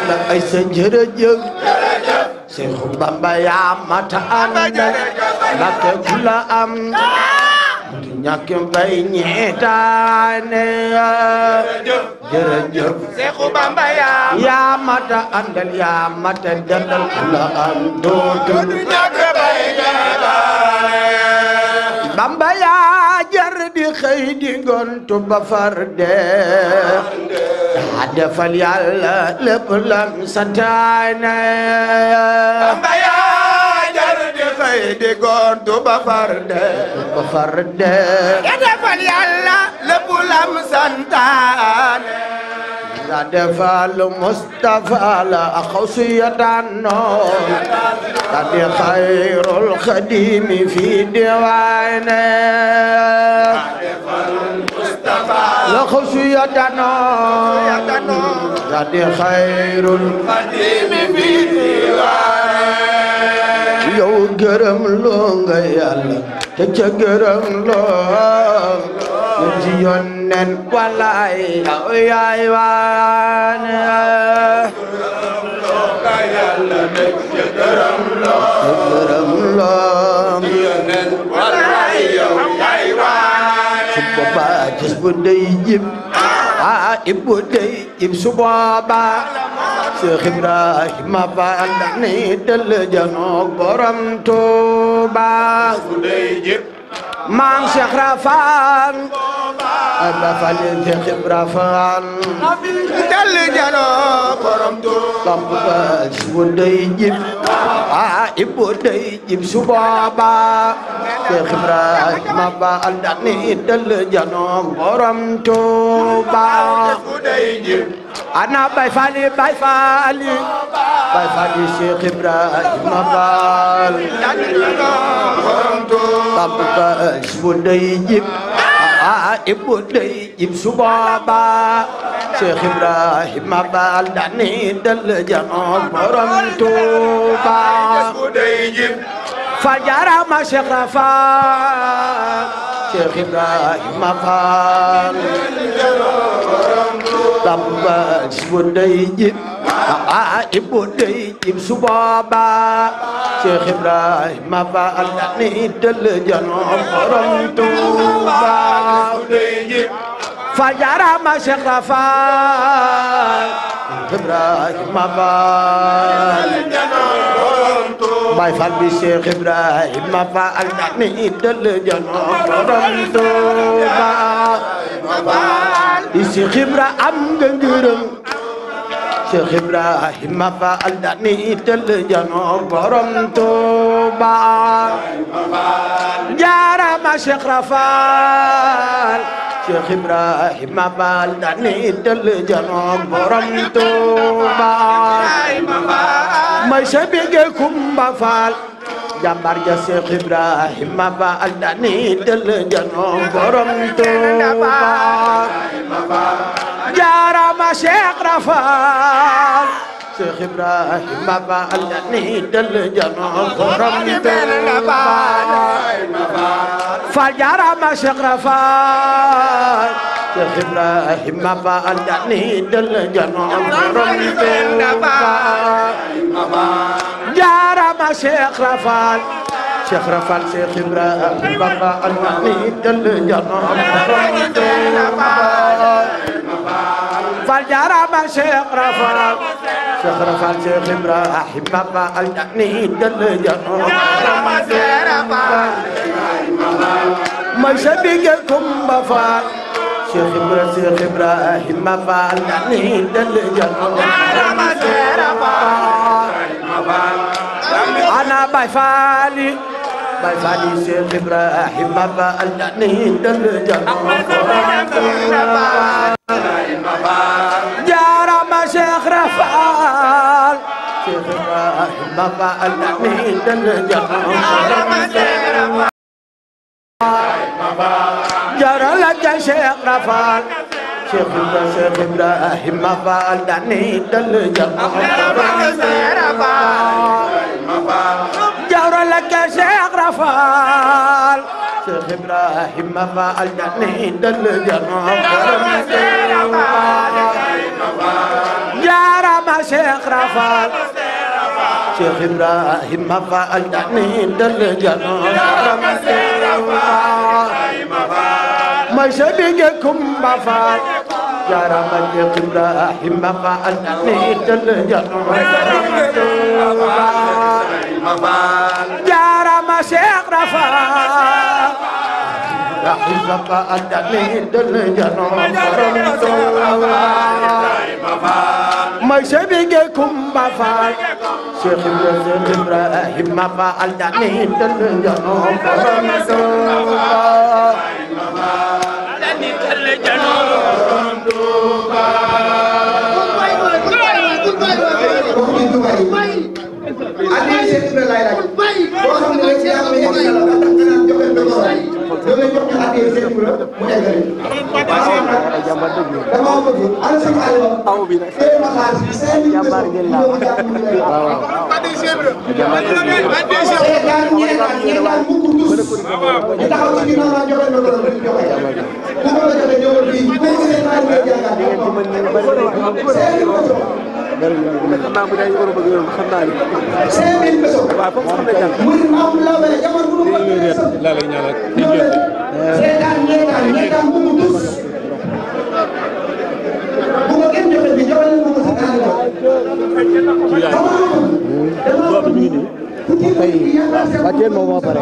yàlla Bamba yaa mata am Mbàkke ku defal yàlla lépp lam santaane Bamba yaa jar di xëy di gontu ba far dee ba far dee yaa defal yàlla lépp lam santaane yaa defal Mustafa la xawsiyataanoo yaa di xayrul xadimi fi diwaane لخشيتنا زاد خير القديم في ديوان يو غرم لونغ يالا تجا غرم لونغ jiyonnen walay oyay wane Allah fa day jib ah ib bu day jib su booba Cheikh Ibrahima Fall ni dal janoog borom Tuuba su day jib maam Cheikh Rafaan ana ba suba day jib ah ibu day jib su borom tu ana Baye Fall Baye Fall Baye Fall Cheikh Ibrahima Fall tabuka isbu day jib a ibu day jib dani dal janoon borom Tuuba fajarama Cheikh Rafa tabbas bu day jib aib bu day jib su booba Cheikh Ibrahima Fall ni tëll janoom borom Tuuba fajarama Cheikh Baay Fall bi Cheikh Ibrahima Fall ni tëll janoom borom Tuuba Cheikh Ibra am nga ngërëm Cheikh Ibrahima Fall dani ital janoo borom Tuuba jaarama Cheikh Rafal Cheikh Ibrahima Fall dani ital janoo borom Tuuba may sa bege Kumba Fall jàmbar ja Seex Ibrahima ba aldani del janoom borom Tuuba jaarama Seex Rafal Seex Ibrahima ba aldani del janoom borom Tuuba fal jaarama Seex Rafal Seex Ibrahima ba aldani del janoom borom Tuuba na Cheikh Rafal Cheikh Rafal Cheikh Ibrahim Bamba almani dal janam fal jarama Cheikh Rafal Cheikh Rafal Cheikh Ibrahim Bamba almani dal janam ma sabige kumba fal Cheikh Ibrahim Cheikh Ibrahim Bamba almani dal janam ana Baay Faal Baay Faal Seex Ibrahim Baba aldanni dal jaarama Seex Rafaal Seex Ibrahim Baba aldanni dal jaarala Seex Rafaal Seex Ibrahim Baba Cheikh Ibrahima Fall jani dal ganoo borom Seex jaarama Cheikh Rafal Cheikh Ibrahima Fall jani dal ganoo borom Seex ma sëbi ge Kumba Fall يا رب القبلة حمقا أنني تلجأ يا رب شيخ رفاق حمقا أنني تلجأ ما شبيكم بفاق شيخ ابراهيم ما فعل دعني تلجأ ma dëgg dama bëgg ana sëñ Aliou aw bi nag tey ma xaar bi cinq mille jàmbaar ngeen laa waaw waaw jàmbaar ngeen laa ñu taxaw ci ginnaaw naa joxe na ko ñu joxe bu ko la joxe ñëwal fii bu ko gisee naa leen jàngal xam naa bu dee Europe ak yoon xam naa ne cinq mille pesos waaw comme xam na jàng mu am la wala jamono bu la lay ñaan rek tey waa kenn moom moo pare.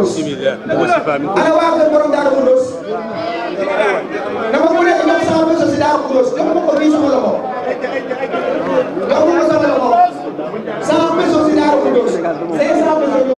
bisimilah. ana waa kër borom Daaru Xudoos. dama ko nekk ñoom sama bëccëg si Daaru Xudoos dama ko ko nii sama loxo. dama ko sama loxo. sama bëccëg si Daaru Xudoos.